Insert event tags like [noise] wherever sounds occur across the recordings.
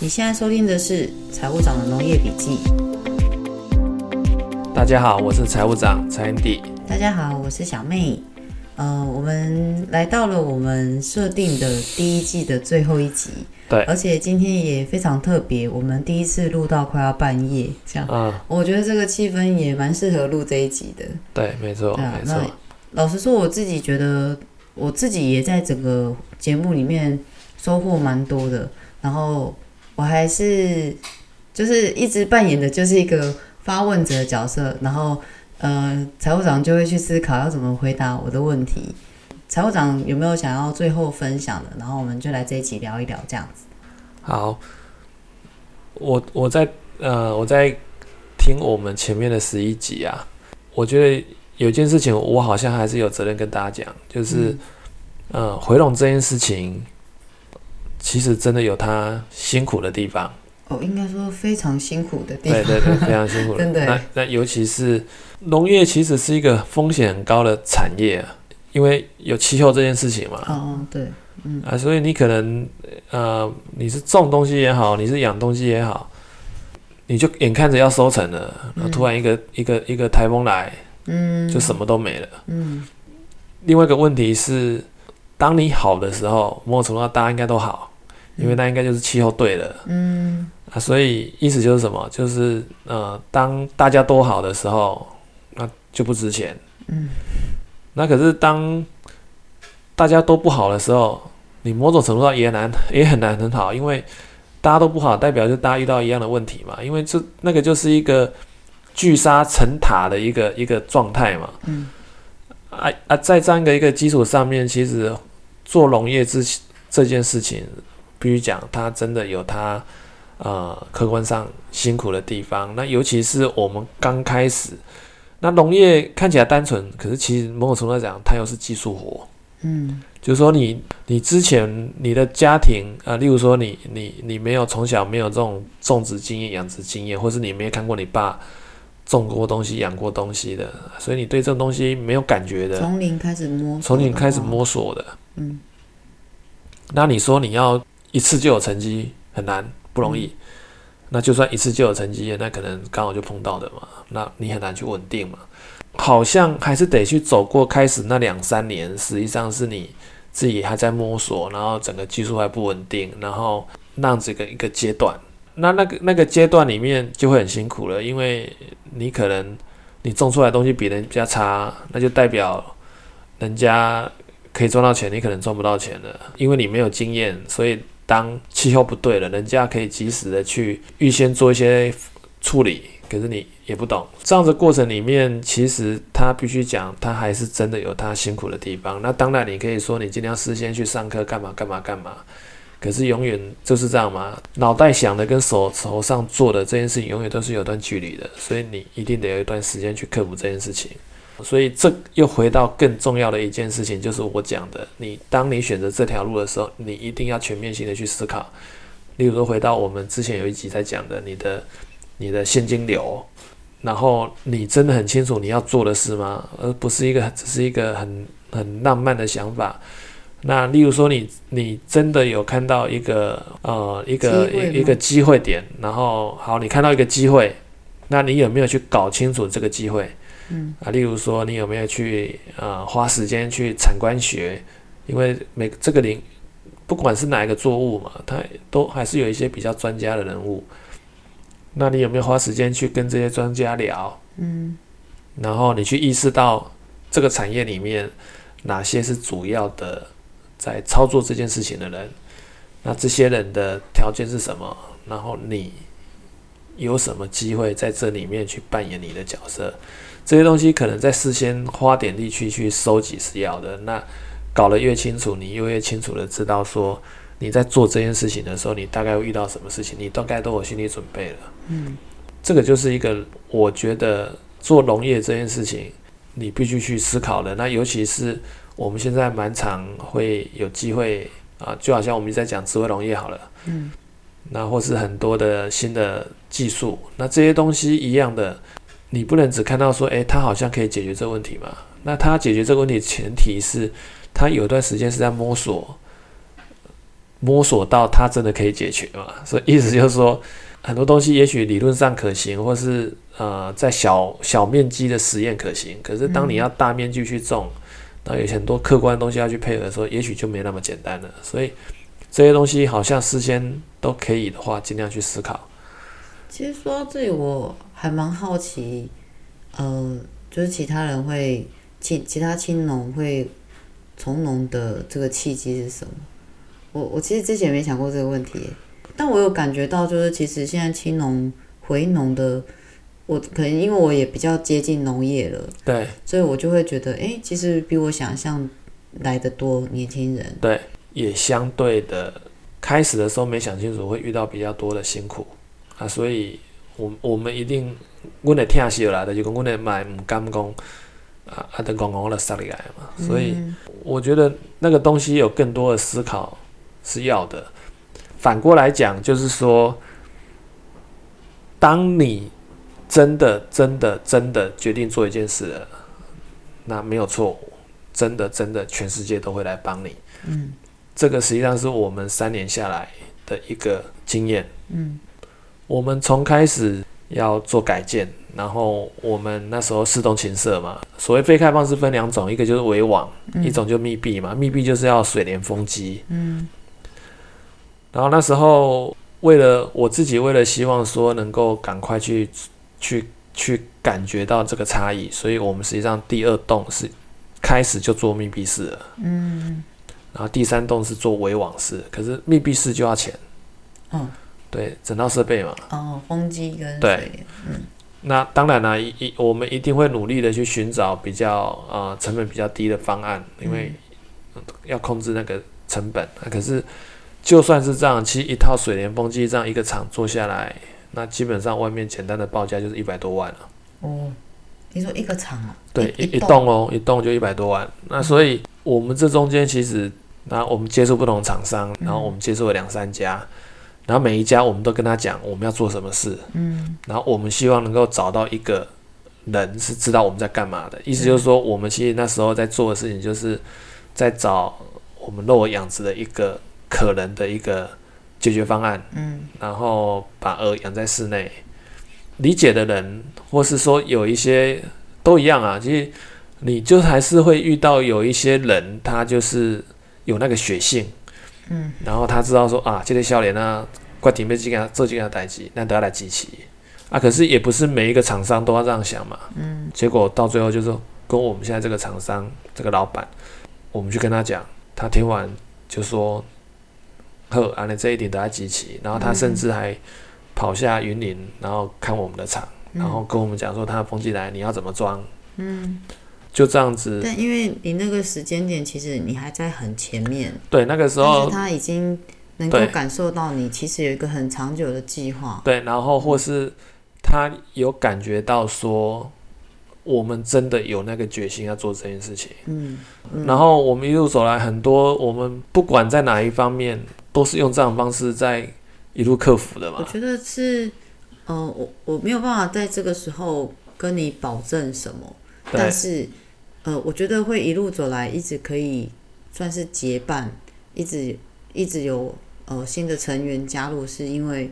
你現在收聽的是《財務長的農業筆記》。大家好，我是財務長陳 Andy。大家好，我是小妹。呃，我們來到了我們設定的第一季的最後一集。對。而且今天也非常特別，我們第一次錄到快要半夜這樣。嗯。我覺得這個氣氛也蠻適合錄這一集的。對，沒錯。啊、沒錯。那老實說，我自己覺得，我自己也在整個節目裡面收穫蠻多的。然後。我還是就是一直扮演的，就是一個發問者的角色，然後呃，財務長就會去思考要怎麼回答我的問題。財務長有沒有想要最後分享的？然後我們就來這一集聊一聊這樣子。好，我我在呃我在聽我們前面的十一集啊，我覺得有件事情我好像還是有責任跟大家講，就是，嗯，呃，回籠這件事情。其實真的有他辛苦的地方哦，應該說非常辛苦的地方。對對對，非常辛苦的，對 [laughs] 的耶那。那尤其是農業，其實是一個風險很高的產業啊，因為有氣候這件事情嘛。哦哦，對，嗯啊，所以你可能呃，你是種東西也好，你是養東西也好，你就眼看着要收成了，然後突然一個、嗯、一個一個颱風來，嗯，就什麼都沒了。嗯。另外一個問題是，當你好的時候，某種程度大家應該都好。因為那應該就是氣候對的。嗯啊，所以意思就是什麼？就是呃，當大家都好的時候，那、啊、就不值錢，嗯。那可是當大家都不好的時候，你某種程度上也難也很難很好，因為大家都不好，代表就大家遇到一樣的問題嘛。因為這那個就是一個聚沙成塔的一個一個狀態嘛，嗯。啊啊，在這樣一個一個基礎上面，其實做農業之前這件事情。必須講，他真的有他，呃，客觀上辛苦的地方。那尤其是我們剛開始，那農業看起來單純，可是其實某種程度來講，它又是技術活。嗯，就是說你你之前你的家庭，呃，例如說你你你沒有從小沒有這種種植經驗、養殖經驗，或是你沒有看過你爸種過東西、養過東西的，所以你對這種東西沒有感覺的，從零開始摸索，從零開始摸索的。嗯，那你說你要。一次就有成績很難，不容易，那就算一次就有成績，那可能剛好就碰到的嘛，那你很難去穩定嘛，好像還是得去走過開始那兩三年，實際上是你自己還在摸索，然後整個技術還不穩定，然後那樣子一個一個階段，那那個那個階段裡面就會很辛苦了，因為你可能你種出來東西比人比較差，那就代表人家可以賺到錢，你可能賺不到錢了，因為你沒有經驗，所以。當氣候不對了，人家可以及時的去預先做一些處理，可是你也不懂。這樣的過程裡面，其實他必須講，他還是真的有他辛苦的地方。那當然，你可以說你盡量事先去上課，幹嘛幹嘛幹嘛。可是永遠就是這樣嘛，腦袋想的跟手頭上做的這件事情，永遠都是有段距離的。所以你一定得有一段時間去克服這件事情。所以這又回到更重要的一件事情，就是我講的，你當你選擇這條路的時候，你一定要全面性的去思考。例如說，回到我們之前有一集在講的，你的你的現金流，然後你真的很清楚你要做的事嗎？而不是一個只是一個很很浪漫的想法。那例如說，你你真的有看到一個呃一個一個機會點，然後好，你看到一個機會，那你有沒有去搞清楚這個機會？啊，例如說，你有沒有去啊、呃、花時間去產官學？因為每這個領，不管是哪一個作物嘛，它都還是有一些比較專家的人物。那你有沒有花時間去跟這些專家聊？嗯，然後你去意識到這個產業裡面哪些是主要的在操作這件事情的人？那這些人的條件是什麼？然後你有什麼機會在這裡面去扮演你的角色？這些東西可能在事先花點力氣去收集，是要的，那搞得越清楚，你越清楚的知道說，你在做這件事情的時候，你大概會遇到什麼事情，你大概都有心理準備了。嗯，這個就是一個我覺得做農業這件事情你必須去思考的。那尤其是我們現在蠻常會有機會啊，就好像我們在講智慧農業好了，嗯，那或是很多的新的技術，那這些東西一樣的。你不能只看到說，誒、欸，他好像可以解決這個問題嘛？那他解決這個問題的前提是，他有一段時間是在摸索，摸索到他真的可以解決嘛？所以意思就是說，很多東西也許理論上可行，或是呃，在小小面積的實驗可行，可是當你要大面積去種，那、嗯、有很多客觀的東西要去配合的時候，也許就沒那麼簡單了。所以這些東西好像事先都可以的話，盡量去思考。其實說到這裡，我。還蠻好奇，呃，就是其他人會其其他青農會從農的這個契機是什麼？我我其實之前沒想過這個問題，但我有感覺到，就是其實現在青農回農的，我可能因為我也比較接近農業了，對，所以我就會覺得，哎、欸，其實比我想象來的多年輕人，對，也相對的，開始的時候沒想清楚，會遇到比較多的辛苦啊，所以。我我們一定，我哋聽少的就講買唔敢講，啊啊，等講講我就塞嘛。所以我覺得那個東西有更多的思考是要的。反過來講，就是說，當你真的、真的、真的決定做一件事了，那沒有錯，真的、真的，全世界都會來幫你。嗯，這個實際上是我們三年下來的一個經驗。嗯我們從開始要做改建，然後我們那時候四棟禽舍嘛，所謂非開放是分兩種，一個就是圍網，嗯、一種就密閉嘛。密閉就是要水簾風機，嗯、然後那時候為了我自己，為了希望說能夠趕快去去去感覺到這個差異，所以我們實際上第二棟是開始就做密閉式了，嗯。然後第三棟是做圍網式，可是密閉式就要錢，嗯、哦。對整套設備嘛，哦，風機跟水對、嗯、那當然啦、啊，一一我們一定會努力的去尋找比較呃成本比較低的方案，因為要控制那個成本。那、嗯啊、可是就算是這樣，其實一套水簾風機這樣一個廠做下來，那基本上外面簡單的報價就是一百多萬了、啊。哦，你說一個廠？啊，對，一一棟哦、喔，一棟就一百多萬。嗯、那所以我們這中間其實，那我們接觸不同廠商，然後我們接觸了兩三家。然後每一家我們都跟他講我們要做什麼事，嗯，然後我們希望能夠找到一個人是知道我們在幹嘛的，嗯，意思就是說，我們其實那時候在做的事情就是在找我們肉鵝養殖的一個可能的一個解決方案，嗯，然後把鵝養在室內，理解的人，或是說有一些都一樣啊，其實你就還是會遇到有一些人，他就是有那個血性。嗯、然後他知道說啊，這些笑臉吶、啊，關停備機給他，這幾台機，那都要來集齊啊。可是也不是每一個廠商都要這樣想嘛。嗯，結果到最後就是說跟我們現在這個廠商這個老闆，我們去跟他講，他聽完就說，呵，啊，你這一點都要集齊。然後他甚至還跑下雲林，然後看我們的廠，嗯、然後跟我們講說他，他風機來你要怎麼裝？嗯。就這樣子，但因為你那個時間點，其實你還在很前面。對，那個時候，但是他已經能夠感受到你其實有一個很長久的計劃。對，然後或是他有感覺到說，我們真的有那個決心要做這件事情。嗯，嗯，然後我們一路走來，很多我們不管在哪一方面，都是用這種方式在一路克服的嘛。我覺得是，嗯、呃，我我沒有辦法在這個時候跟你保證什麼。對但是，呃，我覺得會一路走來，一直可以算是結伴，一直一直有呃新的成員加入，是因為，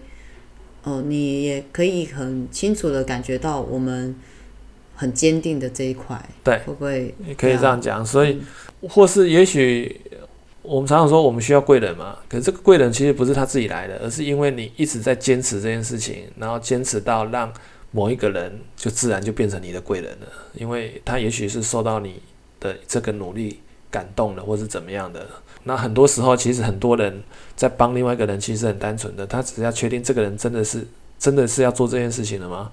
哦、呃，你也可以很清楚的感覺到我們很堅定的這一塊，對，會不會？你可以這樣講，所以、嗯、或是也許我們常常說我們需要貴人嘛，可是這個貴人其實不是他自己來的，而是因為你一直在堅持這件事情，然後堅持到讓。某一個人就自然就變成你的貴人了，因為他也許是受到你的這個努力感動了，或是怎麼樣的。那很多時候，其實很多人在幫另外一個人，其實很單純的，他只要確定這個人真的是真的是要做這件事情了嗎？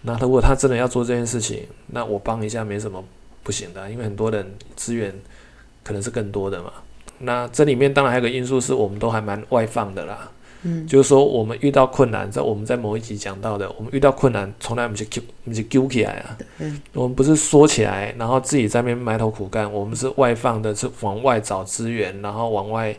那如果他真的要做這件事情，那我幫一下沒什麼不行的，因為很多人資源可能是更多的嘛。那這裡面當然還有個因素是我們都還蠻外放的啦。嗯，就是說我們遇到困難，在我們在某一集講到的，我們遇到困難從來不去揪，不去揪起來啊。嗯，我們不是說起來，然後自己在那邊埋頭苦幹，我們是外放的，是往外找資源，然後往外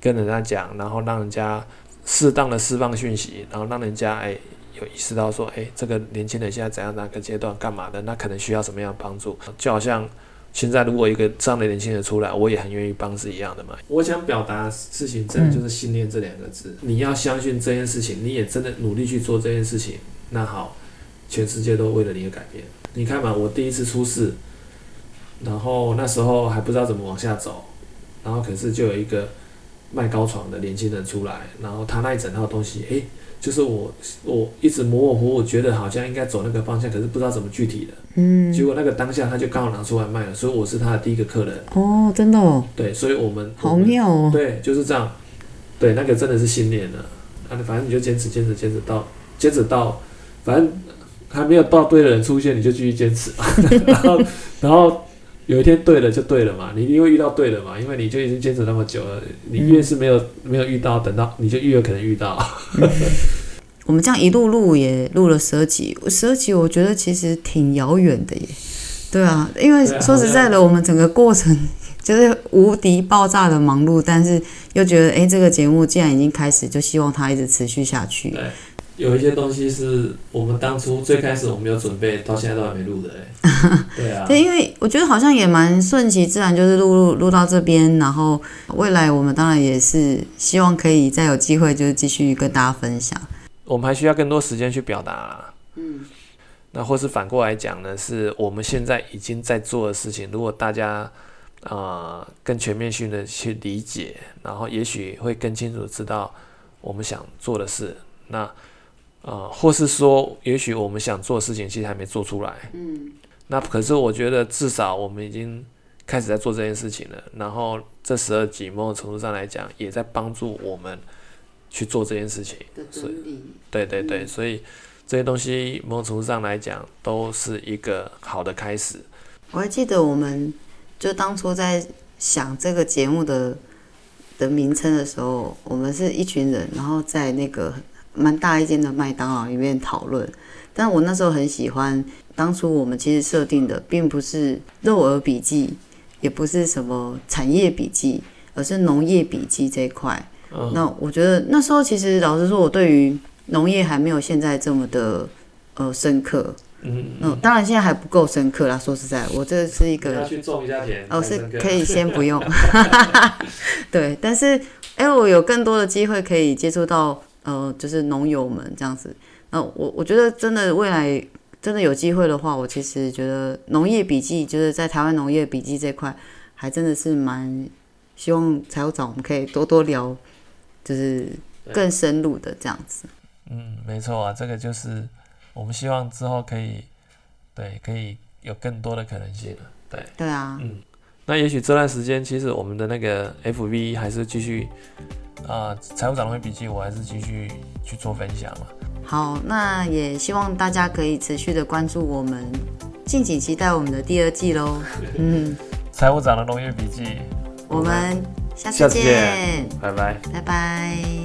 跟人家講，然後讓人家適當的釋放訊息，然後讓人家誒、欸、有意識到說，誒、欸，這個年輕人現在怎樣，哪個階段幹嘛的，那可能需要什麼樣的幫助，就好像。現在如果一個這樣的年輕人出來，我也很願意幫，是一樣的嘛。我想表達事情，真的就是信念這兩個字。嗯、你要相信這件事情，你也真的努力去做這件事情。那好，全世界都為了你而改變。你看嘛，我第一次出事，然後那時候還不知道怎麼往下走，然後可是就有一個賣高床的年輕人出來，然後他那一整套東西，誒。就是我，我一直模模糊糊，覺得好像應該走那個方向，可是不知道怎麼具體的。嗯，結果那個當下他就剛好拿出來賣了，所以我是他的第一個客人。哦，真的哦。對，所以我們好妙哦。對，就是這樣。對，那個真的是信念了。啊，反正你就堅持，堅持，堅持到堅持到，反正還沒有到對的人出現，你就繼續堅持。 [laughs] [laughs] 然後，然後。有一天對了就對了嘛，你因為遇到對了嘛，因為你就已經堅持那麼久了，你越是沒有、嗯、沒有遇到，等到你就越有可能遇到。嗯、 [laughs] 我們這樣一路錄也錄了十二集，十二集我覺得其實挺遙遠的耶。對啊，因為說實在的，啊啊、我們整個過程就是無敵爆炸的忙碌，但是又覺得哎、欸，這個節目既然已經開始，就希望它一直持續下去。有一些東西是我們當初最開始我們沒有準備，到現在都還沒錄的耶，對啊。 [laughs] 對，因為我覺得好像也蠻順其自然，就是錄錄錄到這邊，然後未來我們當然也是希望可以再有機會，就是繼續跟大家分享。我們還需要更多時間去表達。嗯。那或是反過來講呢？是我們現在已經在做的事情，如果大家啊、呃、更全面性的去理解，然後也許會更清楚知道我們想做的事。那啊、呃，或是說，也許我們想做的事情，其實還沒做出來。嗯，那可是我覺得，至少我們已經開始在做這件事情了。然後這十二集，某種程度上來講，也在幫助我們去做這件事情。所以對對對，嗯、所以這些東西某種程度上來講，都是一個好的開始。我還記得，我們就當初在想這個節目的的名稱的時候，我們是一群人，然後在那個。蠻大一間的麥當勞裡面討論，但我那時候很喜歡。當初我們其實設定的並不是肉鵝筆記，也不是什麼產業筆記，而是農業筆記這一塊。嗯、那我覺得那時候其實老實說，我對於農業還沒有現在這麼的呃深刻。嗯、呃、當然現在還不夠深刻啦。說實在，我這是一個要去種一下田，哦、是可以先不用。 [laughs] [laughs] 對，但是哎，欸，我有更多的機會可以接觸到。呃，就是農友們這樣子，那、呃、我我覺得真的未來真的有機會的話，我其實覺得農業筆記就是在台灣農業筆記這塊，還真的是蠻希望財務長我們可以多多聊，就是更深入的這樣子。嗯，沒錯啊，這個就是我們希望之後可以對，可以有更多的可能性。對，對啊，嗯。那也許這段時間，其實我們的那個 FV 還是繼續啊，呃，財務長的農業筆記，我還是繼續去做分享嘛。好，那也希望大家可以持續的關注我們，敬請期待我們的第二季嘍。 [laughs] 嗯，財務長的農業筆記，我們下次見，下次見，拜拜，拜拜。